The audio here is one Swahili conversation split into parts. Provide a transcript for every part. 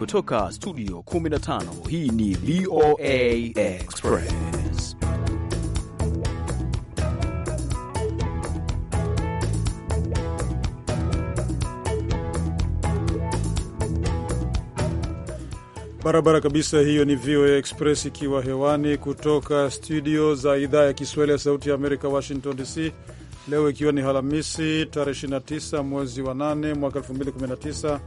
kutoka studio 15 hii ni VOA Express. Barabara kabisa, hiyo ni VOA Express ikiwa hewani kutoka studio za idhaa ya Kiswahili ya Sauti ya Amerika, Washington DC. Leo ikiwa ni halamisi tarehe 29 mwezi wa 8 mwaka 2019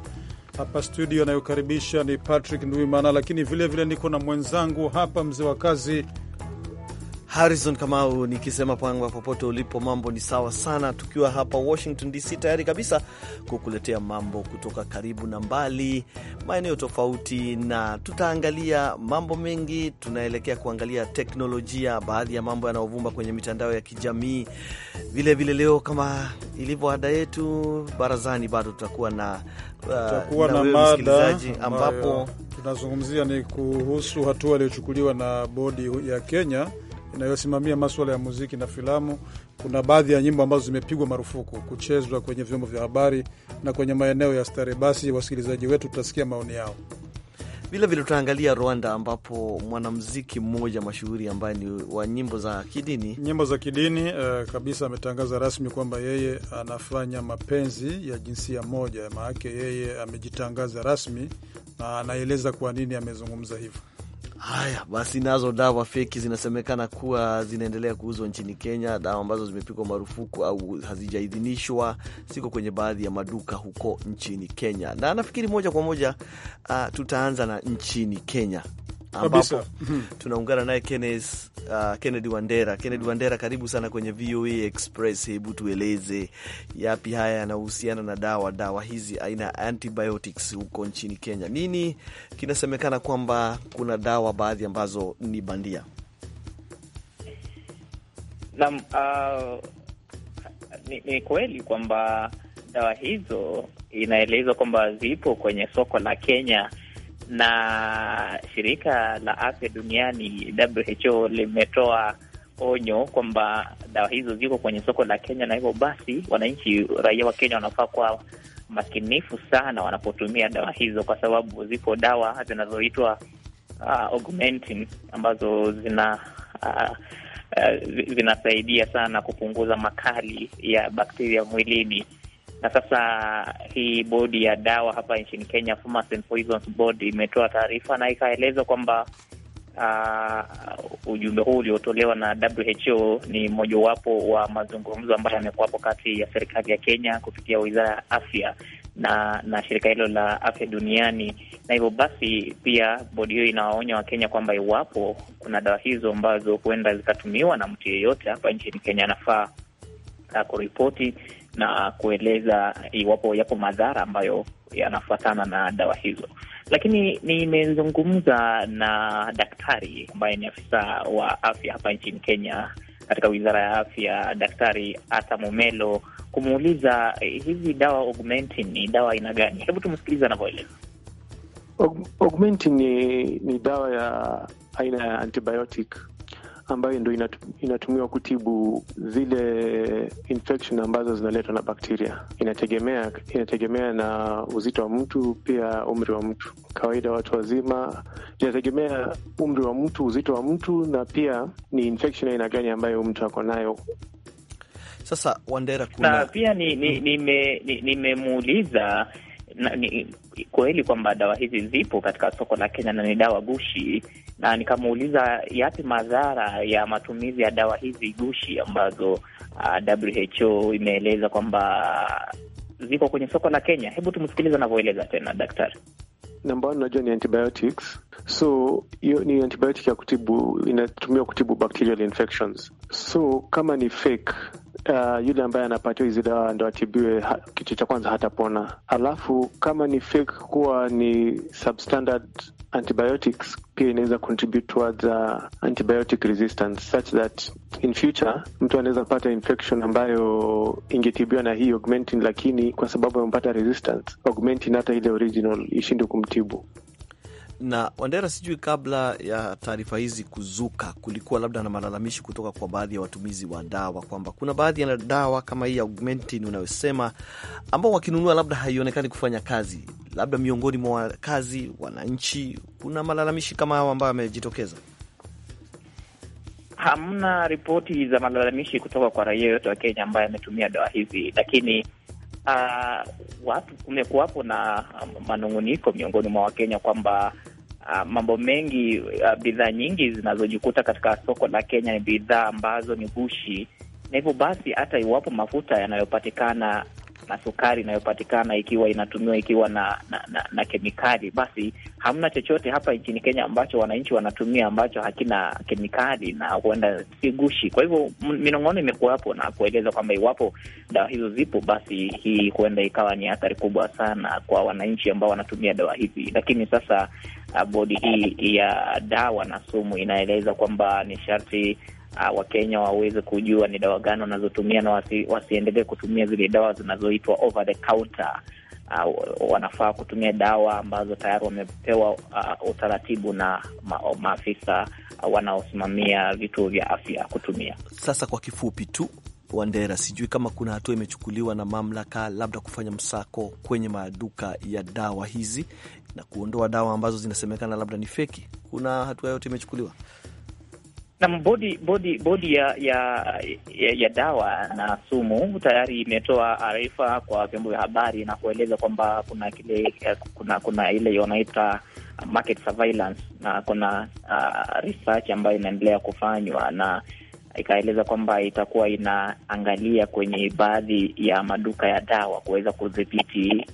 hapa studio anayokaribisha ni Patrick Ndwimana, lakini vilevile niko na mwenzangu hapa mzee wa kazi Harrison Kamau nikisema pangwa popote ulipo, mambo ni sawa sana, tukiwa hapa Washington DC tayari kabisa kukuletea mambo kutoka karibu na mbali, maeneo tofauti, na tutaangalia mambo mengi. Tunaelekea kuangalia teknolojia, baadhi ya mambo yanayovumba kwenye mitandao ya kijamii. Vilevile vile leo, kama ilivyo ada yetu barazani, bado tutakuwa na uh, tutakuwa na mada ambapo tunazungumzia ni kuhusu hatua iliyochukuliwa na bodi ya Kenya inayosimamia maswala ya muziki na filamu, kuna baadhi ya nyimbo ambazo zimepigwa marufuku kuchezwa kwenye vyombo vya habari na kwenye maeneo ya starehe. Basi wasikilizaji wetu, tutasikia maoni yao. Vilevile tutaangalia Rwanda ambapo mwanamziki mmoja mashuhuri ambaye ni wa nyimbo za kidini nyimbo za kidini uh, kabisa ametangaza rasmi kwamba yeye anafanya mapenzi ya jinsia moja. Maanake yeye amejitangaza rasmi na anaeleza kwa nini amezungumza hivyo. Haya basi, nazo dawa feki zinasemekana kuwa zinaendelea kuuzwa nchini Kenya, dawa ambazo zimepigwa marufuku au hazijaidhinishwa, ziko kwenye baadhi ya maduka huko nchini Kenya, na nafikiri moja kwa moja uh, tutaanza na nchini Kenya ambapo mhm. tunaungana naye Kenneth, uh, Kennedy Wandera. Kennedy Wandera, karibu sana kwenye VOA Express. Hebu tueleze yapi haya yanahusiana na dawa dawa hizi aina ya antibiotics huko nchini Kenya. Nini kinasemekana kwamba kuna dawa baadhi ambazo ni bandia? Naam, uh, ni, ni kweli kwamba dawa hizo inaelezwa kwamba zipo kwenye soko la Kenya na shirika la afya duniani WHO limetoa onyo kwamba dawa hizo ziko kwenye soko la Kenya, na hivyo basi wananchi, raia wa Kenya wanafaa kuwa makinifu sana wanapotumia dawa hizo, kwa sababu ziko dawa zinazoitwa uh, augmentin ambazo zina uh, uh, zinasaidia sana kupunguza makali ya bakteria mwilini na sasa hii bodi ya dawa hapa nchini Kenya, Pharmacy and Poisons Board, imetoa taarifa na ikaeleza kwamba uh, ujumbe huu uliotolewa na WHO ni mojawapo wa mazungumzo ambayo yamekuwapo kati ya serikali ya Kenya kupitia wizara ya afya na na shirika hilo la afya duniani, na hivyo basi pia bodi hiyo inawaonya Wakenya kwamba iwapo kuna dawa hizo ambazo huenda zikatumiwa na mtu yeyote hapa nchini Kenya anafaa ah, kuripoti na kueleza iwapo yapo madhara ambayo yanafuatana na dawa hizo. Lakini nimezungumza na daktari ambaye ni afisa wa afya hapa nchini Kenya katika wizara ya afya, Daktari Ata Momelo, kumuuliza hizi dawa Augmentin ni dawa aina gani? Hebu tumsikiliza anavyoeleza. Augmentin ni, ni dawa ya aina ya antibiotic ambayo ndo inatumiwa kutibu zile infection ambazo zinaletwa na bakteria. Inategemea, inategemea na uzito wa mtu, pia umri wa mtu. Kawaida watu wazima, inategemea umri wa mtu, uzito wa mtu, na pia ni infection aina gani ambayo mtu ako nayo. Sasa Wandera, kuna... na pia nimemuuliza ni, ni, ni, ni kweli kwamba dawa hizi zipo katika soko la Kenya na ni dawa gushi na nikamuuliza yapi madhara ya matumizi ya dawa hizi gushi ambazo uh, WHO imeeleza kwamba ziko kwenye soko la Kenya. Hebu tumsikilize anavyoeleza tena daktari. Namba one unajua ni antibiotics, so hiyo ni antibiotic ya kutibu, inatumiwa kutibu bacterial infections. So kama ni fake uh, yule ambaye anapatiwa hizi dawa ndo atibiwe, kitu cha kwanza hatapona. Alafu kama ni fake, kuwa ni substandard antibiotics pia inaweza contribute towards uh, antibiotic resistance such that in future mtu anaweza pata infection ambayo ingetibiwa na hii augmentin, lakini kwa sababu amepata resistance augmentin, hata ile original ishindwe kumtibu na Wandera, sijui kabla ya taarifa hizi kuzuka, kulikuwa labda na malalamishi kutoka kwa baadhi ya watumizi wa dawa kwamba kuna baadhi ya dawa kama hii augmentin unayosema, ambao wakinunua labda haionekani kufanya kazi labda miongoni mwa wakazi wananchi, kuna malalamishi kama hao ambayo yamejitokeza? Hamna ripoti za malalamishi kutoka kwa raia yoyote wa Kenya ambaye ametumia dawa hizi, lakini uh, watu kumekuwapo na manung'uniko miongoni mwa Wakenya kwamba Uh, mambo mengi uh, bidhaa nyingi zinazojikuta katika soko la Kenya ni bidhaa ambazo ni gushi, na hivyo basi hata iwapo mafuta yanayopatikana na sukari inayopatikana ikiwa inatumiwa ikiwa na na, na na kemikali, basi hamna chochote hapa nchini Kenya ambacho wananchi wanatumia ambacho hakina kemikali na huenda si gushi. Kwa hivyo minong'ono imekuwapo na kueleza kwamba iwapo dawa hizo zipo, basi hii huenda ikawa ni athari kubwa sana kwa wananchi ambao wanatumia dawa hizi. Lakini sasa uh, bodi hii ya dawa na sumu inaeleza kwamba ni sharti uh, Wakenya waweze kujua ni dawa gani wanazotumia na wasi, wasiendelee kutumia zile dawa zinazoitwa over the counter. Uh, wanafaa kutumia dawa ambazo tayari wamepewa uh, utaratibu na ma, maafisa uh, wanaosimamia vituo vya afya kutumia. Sasa kwa kifupi tu, Wandera, sijui kama kuna hatua imechukuliwa na mamlaka, labda kufanya msako kwenye maduka ya dawa hizi na kuondoa dawa ambazo zinasemekana labda ni feki. Kuna hatua yote imechukuliwa? na bodi bodi bodi ya, ya ya dawa na sumu tayari imetoa arifa kwa vyombo vya habari na kueleza kwamba kuna kile kuna kuna ile wanaita market surveillance na kuna uh, research ambayo inaendelea kufanywa na ikaeleza kwamba itakuwa inaangalia kwenye baadhi ya maduka ya dawa kuweza kudhibiti,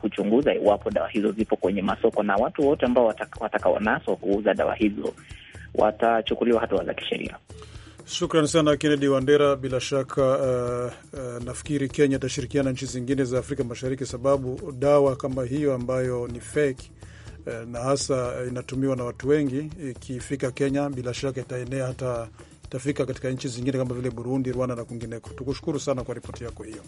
kuchunguza iwapo dawa hizo zipo kwenye masoko, na watu wote ambao watakawanaswa wataka kuuza dawa hizo watachukuliwa hatua za kisheria. Shukran sana Kennedy Wandera. Bila shaka uh, uh, nafikiri Kenya itashirikiana nchi zingine za Afrika Mashariki sababu dawa kama hiyo ambayo ni fake uh, na hasa uh, inatumiwa na watu wengi ikifika Kenya, bila shaka itaenea hata itafika katika nchi zingine kama vile Burundi, Rwanda na kwingineko. Tukushukuru sana kwa ripoti yako hiyo.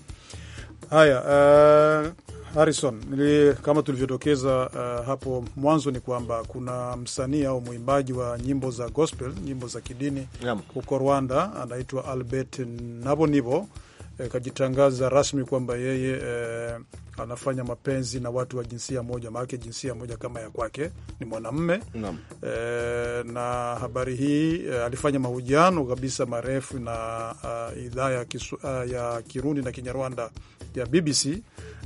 Haya, uh, Harrison, nili kama tulivyotokeza uh, hapo mwanzo ni kwamba kuna msanii au mwimbaji wa nyimbo za gospel, nyimbo za kidini huko Rwanda anaitwa Albert Nabonibo Eh, kajitangaza rasmi kwamba yeye eh, anafanya mapenzi na watu wa jinsia moja, maanake jinsia moja kama ya kwake ni mwanamme eh, na habari hii eh, alifanya mahojiano kabisa marefu na uh, idhaa ya, uh, ya Kirundi na Kinyarwanda ya BBC.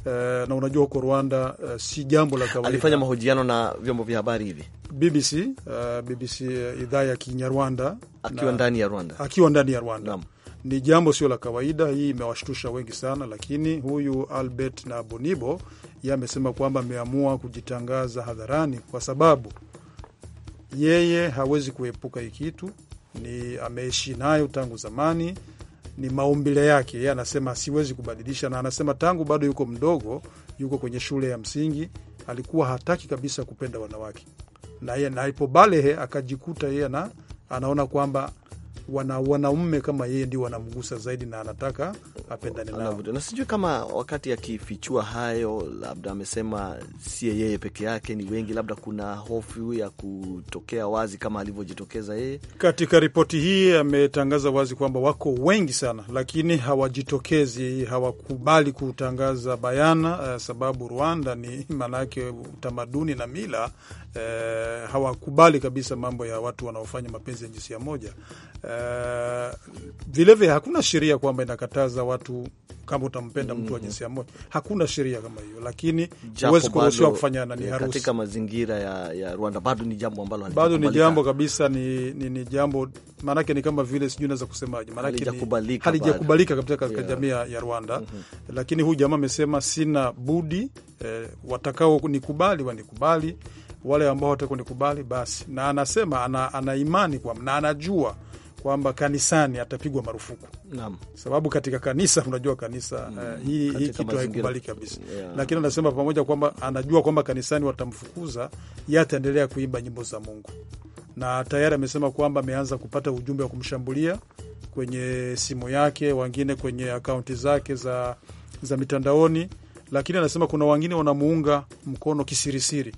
Uh, na unajua huko Rwanda uh, si jambo la kawaida. Alifanya mahojiano na vyombo vya habari hivi BBC, uh, BBC uh, idhaa ya Kinyarwanda akiwa ndani ya Rwanda, akiwa ndani ya Rwanda ni jambo sio la kawaida. Hii imewashtusha wengi sana, lakini huyu Albert na Bonibo ye amesema kwamba ameamua kujitangaza hadharani kwa sababu yeye hawezi kuepuka hii kitu, ni ameishi nayo tangu zamani, ni maumbile yake. Yeye anasema siwezi kubadilisha, na anasema tangu bado yuko mdogo, yuko kwenye shule ya msingi, alikuwa hataki kabisa kupenda wanawake, na yeye akajikuta yeye na anaona kwamba wana wanaume kama yeye ndio wanamgusa zaidi na anataka apendane nao, na sijui kama wakati akifichua hayo, labda amesema si yeye peke yake, ni wengi, labda kuna hofu ya kutokea wazi kama alivyojitokeza yeye. Katika ripoti hii ametangaza wazi kwamba wako wengi sana, lakini hawajitokezi, hawakubali kutangaza bayana, eh, sababu Rwanda ni maanake utamaduni na mila eh, hawakubali kabisa mambo ya watu wanaofanya mapenzi ya jinsia moja. Eh, vilevile hakuna sheria kwamba inakataza watu kama utampenda mtu wa mm-hmm. jinsia moja, hakuna sheria kama hiyo, lakini huwezi kuruhusiwa kufanyana ni eh, harusi katika mazingira ya, ya Rwanda. Bado ni jambo ambalo bado ni jambo kabisa, ni, ni, ni jambo maanake ni kama vile sijui naweza kusemaje, maanake halijakubalika kabisa katika jamii ya Rwanda. mm -hmm. Lakini huyu jamaa amesema sina budi, eh, watakao nikubali wanikubali wale ambao watakunikubali basi, na anasema ana, ana imani kwa, na anajua kwamba kanisani atapigwa marufuku naam, sababu katika kanisa unajua kanisa mm, uh, hii hii kitu haikubali kabisa yeah. Lakini anasema pamoja kwamba anajua kwamba kanisani watamfukuza, ye ataendelea kuimba nyimbo za Mungu, na tayari amesema kwamba ameanza kupata ujumbe wa kumshambulia kwenye simu yake, wengine kwenye akaunti zake za, za mitandaoni, lakini anasema kuna wengine wanamuunga mkono kisirisiri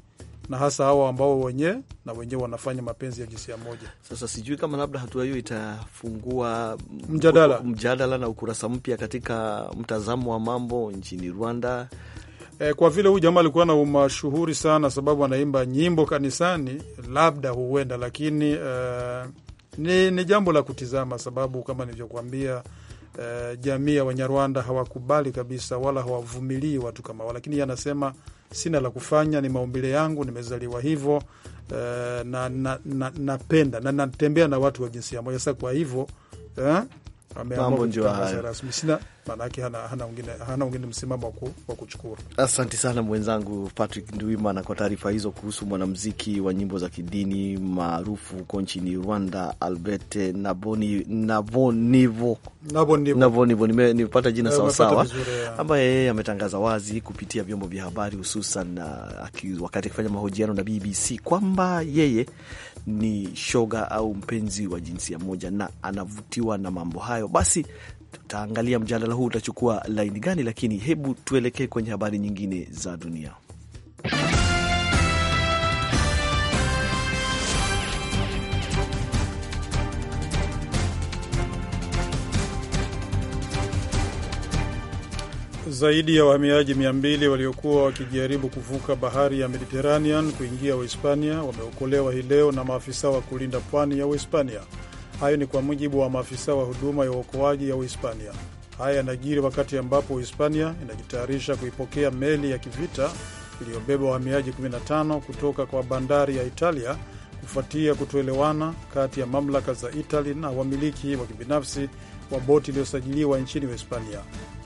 na hasa hawa ambao wenyewe na wenyewe wanafanya mapenzi ya jinsia moja. Sasa sijui kama labda hatua hiyo itafungua mjadala, mjadala na ukurasa mpya katika mtazamo wa mambo nchini Rwanda. E, kwa vile huyu jamaa alikuwa na umashuhuri sana, sababu anaimba nyimbo kanisani, labda huenda, lakini uh, ni, ni jambo la kutizama, sababu kama nilivyokuambia uh, jamii ya Wanyarwanda hawakubali kabisa wala hawavumilii watu kama hao, lakini anasema sina la kufanya, ni maumbile yangu, nimezaliwa hivyo napenda eh, na, na, na, na natembea na watu wa jinsia moja. Sasa kwa hivyo eh, ameamua rasmi sina maanake hana, hana wengine hana msimamo wa kuchukua. Asante sana mwenzangu Patrick Ndwimana kwa taarifa hizo kuhusu mwanamziki wa nyimbo za kidini maarufu huko nchini Rwanda, Albert Nabonivo. Nabonivo nimepata jina sawasawa, ambaye yeye ametangaza wazi kupitia vyombo vya habari hususan uh, wakati akifanya mahojiano na BBC kwamba yeye ni shoga au mpenzi wa jinsia moja na anavutiwa na mambo hayo. Basi tutaangalia mjadala huu utachukua laini gani, lakini hebu tuelekee kwenye habari nyingine za dunia. Zaidi ya wahamiaji 200 waliokuwa wakijaribu kuvuka bahari ya Mediterranean kuingia Uhispania wameokolewa hii leo na maafisa wa kulinda pwani ya Uhispania. Hayo ni kwa mujibu wa maafisa wa huduma ya uokoaji ya Uhispania. Haya yanajiri wakati ambapo Uhispania inajitayarisha kuipokea meli ya kivita iliyobeba wahamiaji 15 kutoka kwa bandari ya Italia kufuatia kutoelewana kati ya mamlaka za Itali na wamiliki wa kibinafsi wa boti iliyosajiliwa nchini Uhispania.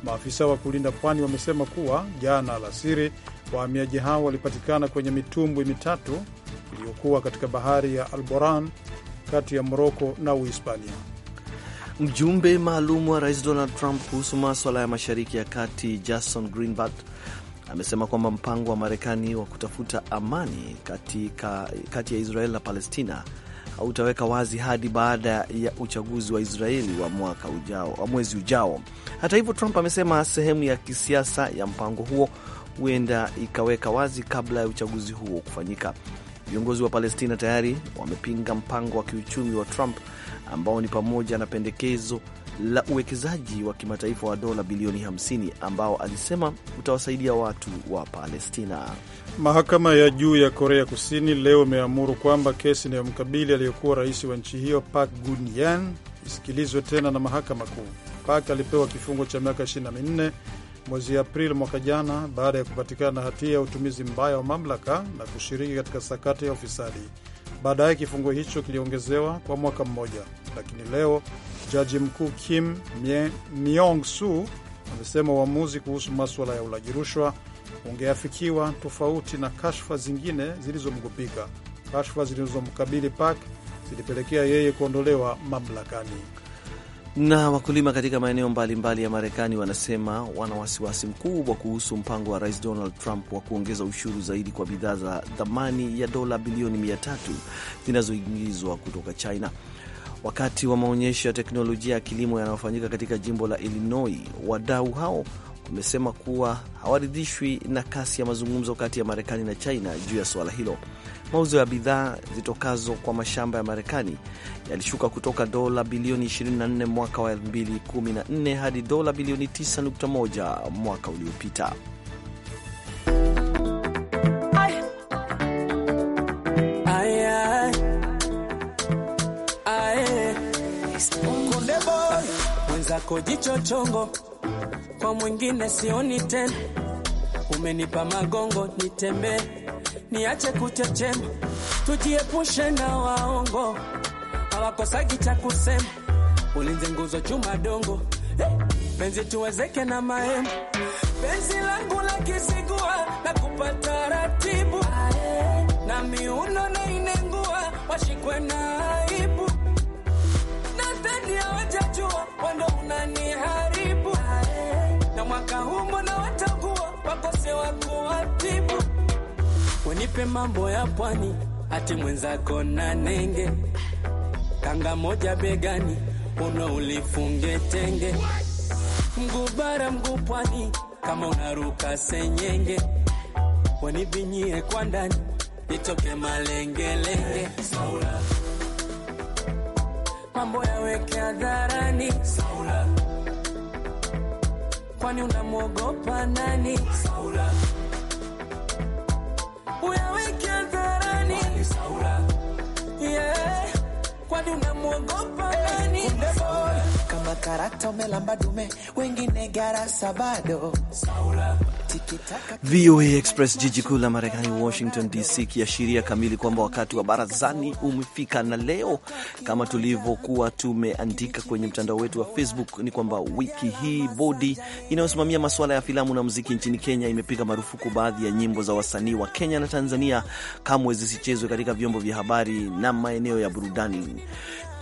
Maafisa wa kulinda pwani wamesema kuwa jana alasiri wahamiaji hao walipatikana kwenye mitumbwi mitatu iliyokuwa katika bahari ya Alboran kati ya Moroko na Uhispania. Mjumbe maalum wa rais Donald Trump kuhusu maswala ya mashariki ya kati Jason Greenblatt amesema kwamba mpango wa Marekani wa kutafuta amani kati, ka, kati ya Israel na Palestina hautaweka wazi hadi baada ya uchaguzi wa Israeli wa mwaka ujao, wa mwezi ujao. Hata hivyo, Trump amesema sehemu ya kisiasa ya mpango huo huenda ikaweka wazi kabla ya uchaguzi huo kufanyika. Viongozi wa Palestina tayari wamepinga mpango wa kiuchumi wa Trump ambao ni pamoja na pendekezo la uwekezaji wa kimataifa wa dola bilioni 50 ambao alisema utawasaidia watu wa Palestina. Mahakama ya juu ya Korea Kusini leo imeamuru kwamba kesi inayomkabili aliyekuwa rais wa nchi hiyo Park Geun-hye isikilizwe tena na mahakama kuu. Park alipewa kifungo cha miaka 24 mwezi Aprili mwaka jana baada ya kupatikana na hatia ya utumizi mbaya wa mamlaka na kushiriki katika sakata ya ufisadi. Baadaye kifungo hicho kiliongezewa kwa mwaka mmoja, lakini leo jaji mkuu Kim Myong Su amesema uamuzi kuhusu maswala ya ulaji rushwa ungeafikiwa tofauti na kashfa zingine zilizomgupika. Kashfa zilizomkabili Park zilipelekea yeye kuondolewa mamlakani. Na wakulima katika maeneo mbalimbali ya Marekani wanasema wana wasiwasi mkubwa kuhusu mpango wa Rais Donald Trump wa kuongeza ushuru zaidi kwa bidhaa za thamani ya dola bilioni 300 zinazoingizwa kutoka China. Wakati wa maonyesho ya teknolojia ya kilimo yanayofanyika katika jimbo la Illinois, wadau hao umesema kuwa hawaridhishwi na kasi ya mazungumzo kati ya Marekani na China juu ya suala hilo. Mauzo ya bidhaa zitokazo kwa mashamba ya Marekani yalishuka kutoka dola bilioni 24 mwaka wa 2014 hadi dola bilioni 9.1 mwaka uliopita. lako jicho chongo, kwa mwingine sioni tena. Umenipa magongo nitembee, niache kuchechema, tujiepushe na waongo, hawakosagi cha kusema. Ulinze nguzo chuma dongo, penzi tuwezeke na mahema, penzi langu la kisigua na kupata ratibu na miuno na inengua, washikwe na aibu na tani wewe unaniharibu na mwaka huu mbona watakuwa wakose wa kuwatibu, mambo ya pwani, ati mwenzako na nenge kanga moja begani, uno ulifunge tenge, mguu bara mguu pwani, kama unaruka senyenge, wanibinyie kwa ndani nitoke malengelenge. Saura mambo yaweke hadharani, Saula, kwani unamwogopa nani? Saula, uyaweke hadharani, Saula, yeah, kwani unamwogopa nani? Kama karata umelamba dume, wengine garasa bado Saula VOA Express, jiji kuu la Marekani, Washington DC, kiashiria kamili kwamba wakati wa barazani umefika, na leo kama tulivyokuwa tumeandika kwenye mtandao wetu wa Facebook ni kwamba wiki hii bodi inayosimamia masuala ya filamu na muziki nchini Kenya imepiga marufuku baadhi ya nyimbo za wasanii wa Kenya na Tanzania kamwe zisichezwe katika vyombo vya habari na maeneo ya burudani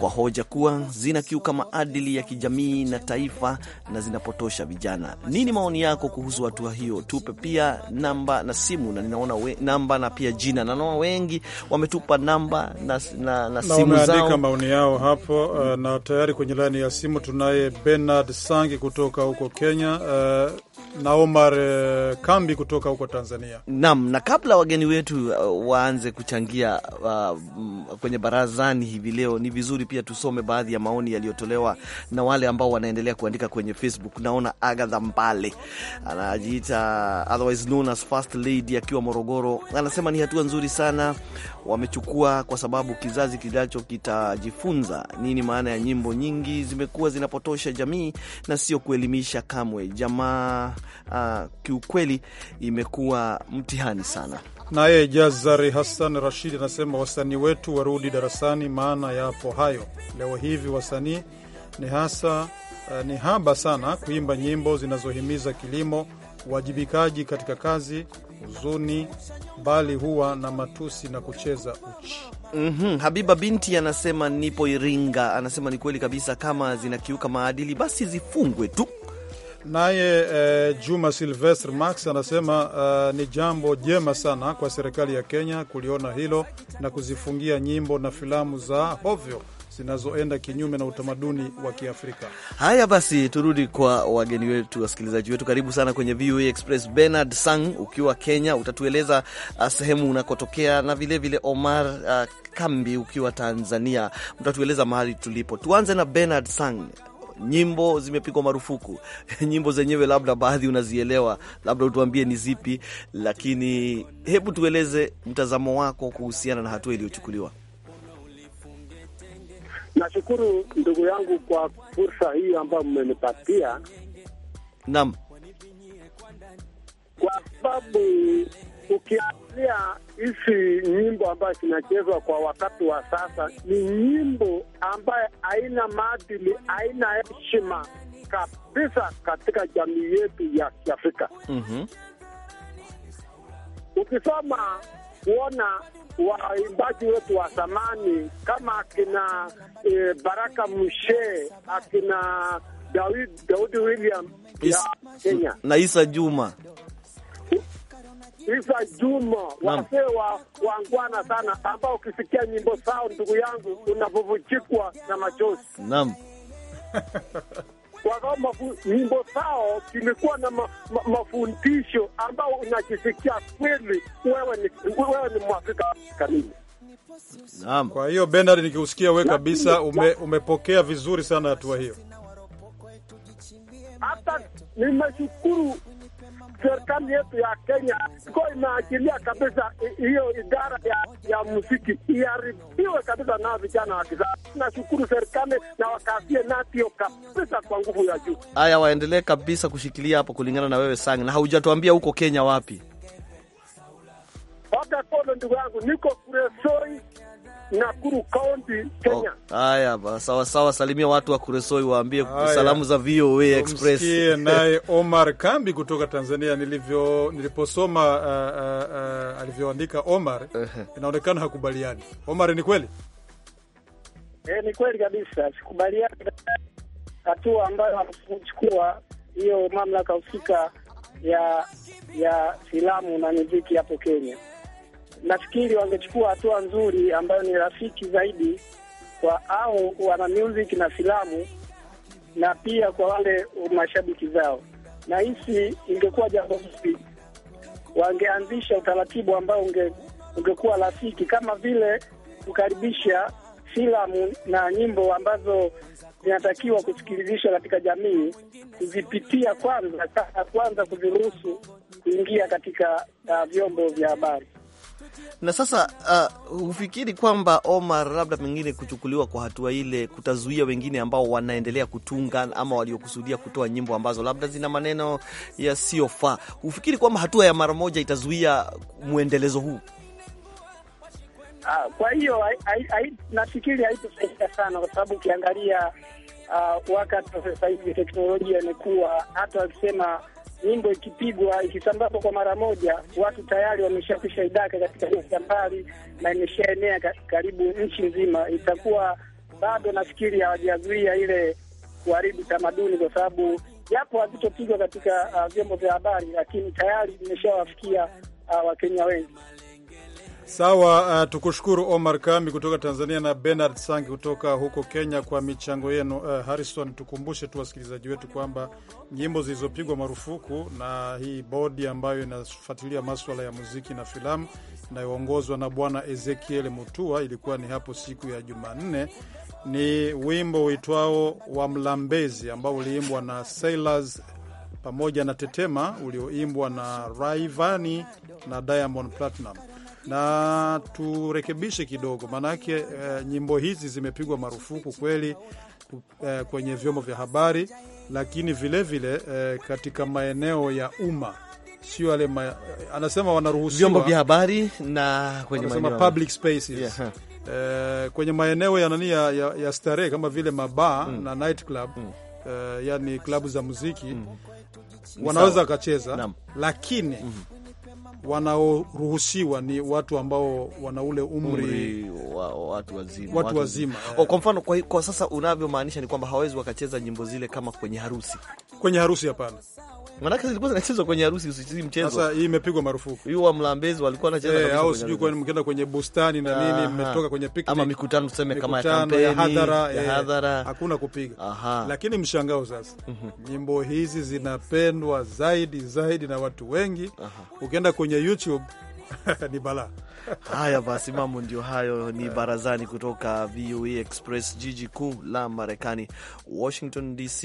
kwa hoja kuwa zinakiuka maadili ya kijamii na taifa na zinapotosha vijana. Nini maoni yako kuhusu hatua hiyo? Tupe pia namba na simu na ninaona we, namba na pia jina. Naona wengi wametupa namba na, na, na simu zao maoni yao hapo. Uh, na tayari kwenye laini ya simu tunaye Bernard Sangi kutoka huko Kenya, uh, na Omar uh, Kambi kutoka huko Tanzania. Naam, na kabla wageni wetu uh, waanze kuchangia uh, kwenye barazani hivi leo, ni vizuri ili pia tusome baadhi ya maoni yaliyotolewa na wale ambao wanaendelea kuandika kwenye Facebook. Naona Agatha Mbale anajiita otherwise known as First Lady akiwa Morogoro, anasema ni hatua nzuri sana wamechukua, kwa sababu kizazi kijacho kitajifunza nini maana ya nyimbo nyingi zimekuwa zinapotosha jamii na sio kuelimisha kamwe. Jamaa uh, kiukweli imekuwa mtihani sana. Naye Jazari Hassan Rashid anasema wasanii wetu warudi darasani, maana yapo hayo. Leo hivi wasanii ni hasa uh, ni haba sana kuimba nyimbo zinazohimiza kilimo, uwajibikaji katika kazi, huzuni, bali huwa na matusi na kucheza uchi. Mm -hmm. Habiba binti anasema nipo Iringa, anasema ni kweli kabisa, kama zinakiuka maadili basi zifungwe tu. Naye eh, Juma Silvestre Max anasema uh, ni jambo jema sana kwa serikali ya Kenya kuliona hilo na kuzifungia nyimbo na filamu za hovyo zinazoenda kinyume na utamaduni wa Kiafrika. Haya basi, turudi kwa wageni wetu, wasikilizaji wetu. Karibu sana kwenye VOA Express. Bernard Sang, ukiwa Kenya, utatueleza ah, sehemu unakotokea na vilevile vile Omar uh, Kambi, ukiwa Tanzania, utatueleza mahali tulipo. Tuanze na Bernard Sang nyimbo zimepigwa marufuku nyimbo zenyewe labda baadhi unazielewa, labda utuambie ni zipi, lakini hebu tueleze mtazamo wako kuhusiana na hatua iliyochukuliwa. Nashukuru ndugu yangu kwa fursa hii ambayo mmenipatia. Naam, kwa sababu ukia ukiangalia hizi nyimbo ambayo zinachezwa kwa wakati wa sasa, ni nyimbo ambayo haina maadili, haina heshima kabisa katika jamii yetu ya Kiafrika. mm -hmm. Ukisoma kuona waimbaji wetu wa zamani kama akina e, Baraka mshe akina Daudi William ya Kenya na Isa Juma Isa Juma, wasee wa wangwana sana, ambao ukisikia nyimbo zao ndugu yangu unavuvuchikwa na machozi. Naam. kwa sababu nyimbo zao zilikuwa na ma, ma, mafundisho ambao unajisikia kweli wewe ni, wewe ni Mwafrika kamili. Naam. Kwa hiyo Bernard, nikiusikia wewe kabisa ume, umepokea vizuri sana hatua hiyo. Hata nimeshukuru serikali yetu ya Kenya iko inaachilia kabisa hiyo idara ya, ya muziki iharibiwe kabisa na vijana wa kizazi. Nashukuru serikali na wakasie natio kabisa kwa nguvu ya juu. Haya, waendelee kabisa kushikilia hapo, kulingana na wewe Sang, na haujatuambia huko Kenya wapi? Wakakolo ndugu yangu, niko Kuresoi Nakuru County, Kenya. Oh, haya, oh, sawa sawa, salimia watu wa Kuresoi waambie salamu za VOA Express. Naye Omar Kambi kutoka Tanzania, nilivyo niliposoma uh, uh, uh, alivyoandika Omar inaonekana hakubaliani. Omar, ni kweli? Eh, ni kweli kabisa, sikubaliani hatua ambayo amechukua hiyo mamlaka husika ya ya filamu na muziki hapo Kenya nafikiri wangechukua hatua nzuri ambayo ni rafiki zaidi kwa au wana music na filamu na pia kwa wale mashabiki zao, na hisi ingekuwa jambo zuri, wangeanzisha utaratibu ambao unge, ungekuwa rafiki kama vile kukaribisha filamu na nyimbo ambazo zinatakiwa kusikilizishwa katika jamii, kuzipitia kwanza, kwanza kuziruhusu kuingia katika uh, vyombo vya habari. Na sasa uh, hufikiri kwamba Omar, labda pengine kuchukuliwa kwa hatua ile kutazuia wengine ambao wanaendelea kutunga ama waliokusudia kutoa nyimbo ambazo labda zina maneno yasiyofaa, hufikiri kwamba hatua ya mara moja itazuia mwendelezo huu? Uh, kwa hiyo nafikiri haitusaidia sana kwa sababu ukiangalia uh, wakati wa sasa hivi teknolojia imekuwa hata wakisema nyimbo ikipigwa ikisambazwa kwa mara moja, watu tayari wameshakwisha idaka katika nchi za mbali na imeshaenea karibu nchi nzima. Itakuwa bado nafikiri hawajazuia ile kuharibu tamaduni, kwa sababu japo hazitopigwa katika uh, vyombo uh, vya habari, lakini tayari imeshawafikia uh, Wakenya wengi. Sawa. Uh, tukushukuru Omar Kami kutoka Tanzania na Bernard Sangi kutoka huko Kenya kwa michango yenu. Uh, Harrison, tukumbushe tu wasikilizaji wetu kwamba nyimbo zilizopigwa marufuku na hii bodi ambayo inafuatilia maswala ya muziki na filamu inayoongozwa na Bwana Ezekiel Mutua ilikuwa ni hapo siku ya Jumanne ni wimbo uitwao wa Mlambezi ambao uliimbwa na Sailors pamoja na Tetema ulioimbwa na Raivani na Diamond Platinum na turekebishe kidogo, maanake eh, nyimbo hizi zimepigwa marufuku kweli eh, kwenye vyombo vya habari, lakini vilevile vile, eh, katika maeneo ya umma sio yale ma... anasema wanaruhusiwa vyombo vya habari na kwenye maeneo public spaces yeah. Eh, kwenye maeneo ya nani ya, ya, ya starehe kama vile mabaa mm. na night club mm. eh, yani klabu za muziki mm. wanaweza wakacheza, lakini mm -hmm wanaoruhusiwa ni watu ambao wana ule umri, umri wa, watu wazima, watu wazima. Watu wazima. O, kwa mfano kwa, kwa sasa unavyomaanisha ni kwamba hawezi wakacheza nyimbo zile kama kwenye harusi. Kwenye harusi hapana, manake zilikuwa zinachezwa kwenye harusi, si mchezo. Sasa hii imepigwa marufuku, wa mlambezi walikuwa wanacheza hey, eh, au sijui kwani mkienda kwenye bustani na nini, mmetoka kwenye picnic ama mikutano tuseme kama ya kampeni ya hadhara ya eh, hadhara, hakuna kupiga. Aha. Lakini mshangao sasa, mhm. nyimbo hizi zinapendwa zaidi zaidi na watu wengi. Aha. ukienda kwenye kwenye YouTube ni balaa. Haya basi, mambo ndio hayo. Ni barazani kutoka VOA e Express, jiji kuu la Marekani, Washington DC.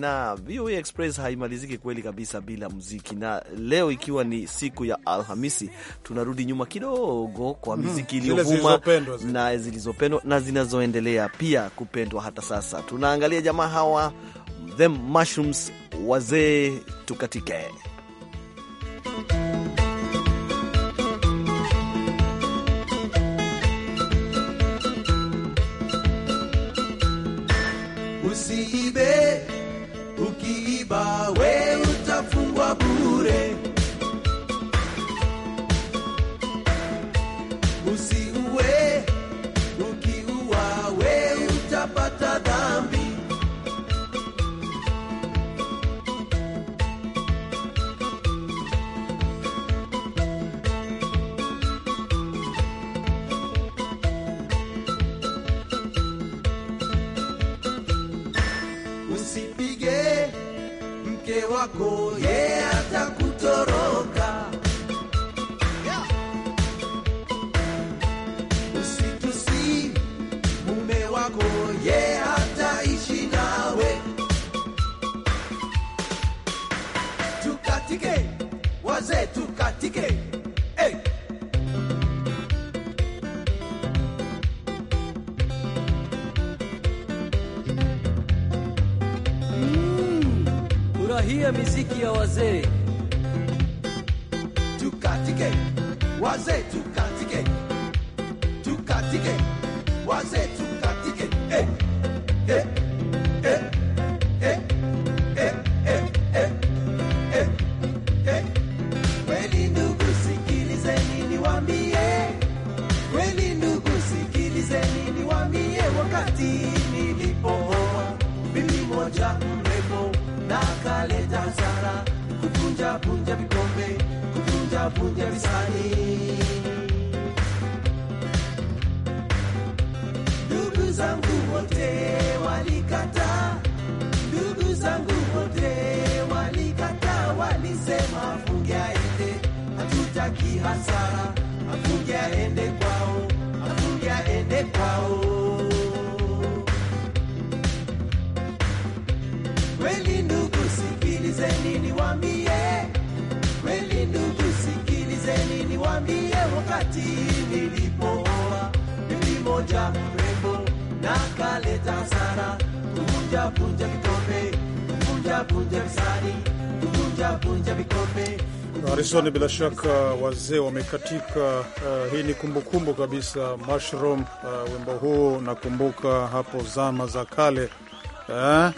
Na VOA e Express haimaliziki kweli kabisa bila muziki, na leo ikiwa ni siku ya Alhamisi, tunarudi nyuma kidogo kwa hmm, muziki mm, iliyovuma na zilizopendwa na zinazoendelea pia kupendwa hata sasa. Tunaangalia jamaa hawa the mushrooms, wazee tukatike o que iba. Temizlik Yavaze kuvunja vunja vikombe, kuvunja vunja visani. Ndugu zangu wote walikata, ndugu zangu wote walikata, walisema funge aende, hatutaki hasara wakati nilipooa bibi moja mrembo na kaleta sana kuvunja vunja vikombe, kuvunja vunja visani, kuvunja vunja vikombe Harison, bila shaka wazee wamekatika. Uh, hii ni kumbukumbu kumbu kabisa Mushroom, uh, wimbo huu nakumbuka hapo zama za kale uh,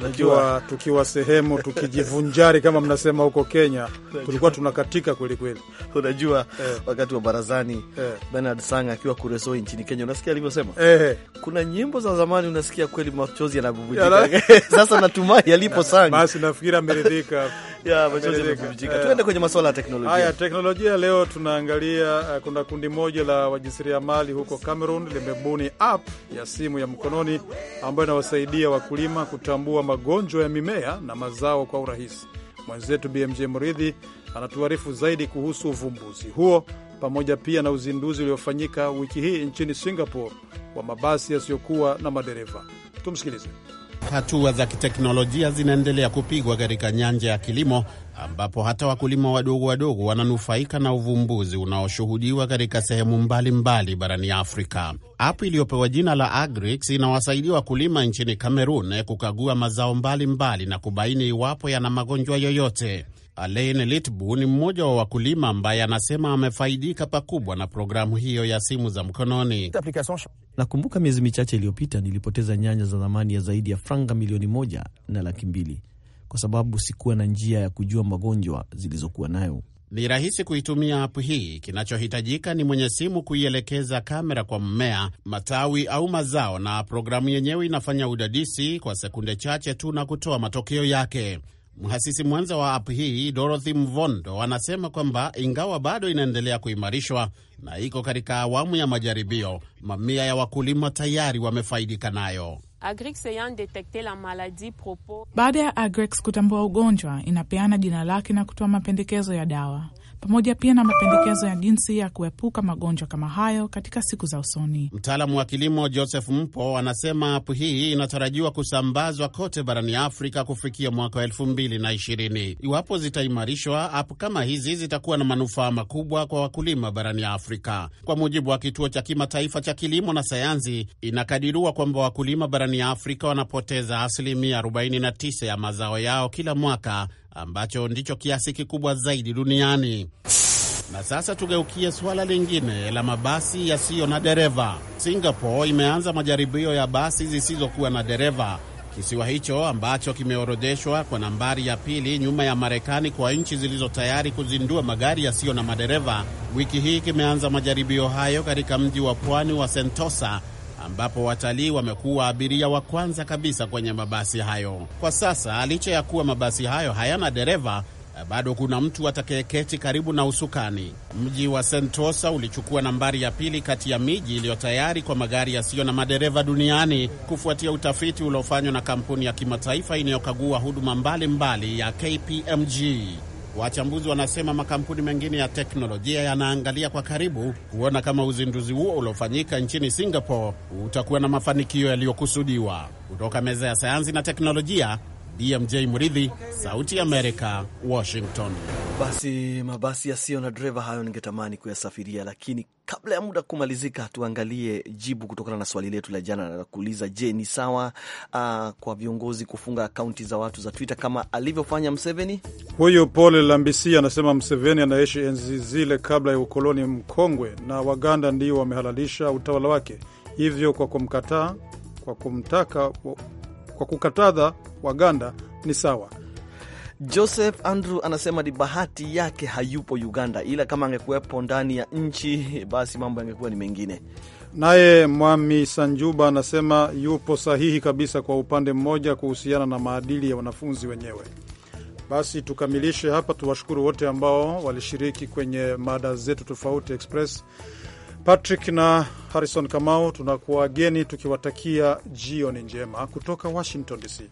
tukiwa, tukiwa sehemu tukijivunjari kama mnasema huko Kenya Tulikuwa tunakatika kwelikweli unajua eh. Wakati wa barazani eh. Bernard Sang akiwa Kuresoi nchini Kenya, unasikia alivyosema eh. Kuna nyimbo za zamani unasikia kweli machozi yanabubujika ya sasa natumai alipo yalipo Sang basi nafikiri ameridhika ya machozi yanabubujika eh. Tuende kwenye masuala ya teknolojia. Haya, teknolojia leo tunaangalia uh, kuna kundi moja la wajasiriamali huko Cameroon limebuni app ya simu ya mkononi ambayo inawasaidia wakulima kutambua kugundua magonjwa ya mimea na mazao kwa urahisi. Mwenzetu BMJ Mridhi anatuarifu zaidi kuhusu uvumbuzi huo pamoja pia na uzinduzi uliofanyika wiki hii nchini Singapore wa mabasi yasiyokuwa na madereva. Tumsikilize. Hatua za kiteknolojia zinaendelea kupigwa katika nyanja ya kilimo ambapo hata wakulima wadogo wadogo wananufaika na uvumbuzi unaoshuhudiwa katika sehemu mbalimbali mbali barani Afrika. App iliyopewa jina la Agrix inawasaidia wakulima nchini Kamerun kukagua mazao mbalimbali mbali na kubaini iwapo yana magonjwa yoyote. Alain Litbu ni mmoja wa wakulima ambaye anasema amefaidika pakubwa na programu hiyo ya simu za mkononi. Nakumbuka miezi michache iliyopita nilipoteza nyanya za thamani ya zaidi ya franga milioni moja na laki mbili kwa sababu sikuwa na njia ya kujua magonjwa zilizokuwa nayo. Ni rahisi kuitumia apu hii. Kinachohitajika ni mwenye simu kuielekeza kamera kwa mmea, matawi au mazao, na programu yenyewe inafanya udadisi kwa sekunde chache tu na kutoa matokeo yake. Mhasisi mwenza wa app hii Dorothy Mvondo anasema kwamba ingawa bado inaendelea kuimarishwa na iko katika awamu ya majaribio, mamia ya wakulima tayari wamefaidika nayo. Baada ya Agrex kutambua ugonjwa, inapeana jina lake na kutoa mapendekezo ya dawa pamoja pia na mapendekezo ya jinsi ya kuepuka magonjwa kama hayo katika siku za usoni. Mtaalamu wa kilimo Joseph Mpo anasema apu hii inatarajiwa kusambazwa kote barani Afrika kufikia mwaka wa elfu mbili na ishirini. Iwapo zitaimarishwa, apu kama hizi zitakuwa na manufaa makubwa kwa wakulima barani Afrika. Kwa mujibu wa kituo cha kimataifa cha kilimo na sayansi, inakadiriwa kwamba wakulima barani Afrika wanapoteza asilimia 49 ya mazao yao kila mwaka ambacho ndicho kiasi kikubwa zaidi duniani. Na sasa tugeukie suala lingine la mabasi yasiyo na dereva. Singapore imeanza majaribio ya basi zisizokuwa na dereva. Kisiwa hicho ambacho kimeorodheshwa kwa nambari ya pili nyuma ya Marekani kwa nchi zilizo tayari kuzindua magari yasiyo na madereva, wiki hii kimeanza majaribio hayo katika mji wa pwani wa Sentosa ambapo watalii wamekuwa abiria wa kwanza kabisa kwenye mabasi hayo. Kwa sasa, licha ya kuwa mabasi hayo hayana dereva, bado kuna mtu atakayeketi karibu na usukani. Mji wa Sentosa ulichukua nambari ya pili kati ya miji iliyo tayari kwa magari yasiyo na madereva duniani kufuatia utafiti uliofanywa na kampuni ya kimataifa inayokagua huduma mbalimbali mbali ya KPMG. Wachambuzi wanasema makampuni mengine ya teknolojia yanaangalia kwa karibu kuona kama uzinduzi huo uliofanyika nchini Singapore utakuwa na mafanikio yaliyokusudiwa. Kutoka meza ya sayansi na teknolojia, BMJ Muridhi, Sauti Amerika, Washington. Basi mabasi yasiyo na dereva hayo ningetamani kuyasafiria, lakini kabla ya muda kumalizika, tuangalie jibu kutokana na swali letu la jana la kuuliza, je, ni sawa uh, kwa viongozi kufunga akaunti za watu za Twitter kama alivyofanya Mseveni? Huyu Paul Lambisi anasema Mseveni anaishi enzi zile kabla ya ukoloni mkongwe, na Waganda ndio wamehalalisha utawala wake, hivyo kwa kumkataa kwa kumtaka kwa kukataza Waganda ni sawa. Joseph Andrew anasema ni bahati yake hayupo Uganda, ila kama angekuwepo ndani ya nchi basi mambo yangekuwa ni mengine. Naye Mwami Sanjuba anasema yupo sahihi kabisa kwa upande mmoja kuhusiana na maadili ya wanafunzi wenyewe. Basi tukamilishe hapa, tuwashukuru wote ambao walishiriki kwenye mada zetu tofauti express Patrick na Harrison Kamau tunakuwa wageni tukiwatakia jioni njema kutoka Washington DC.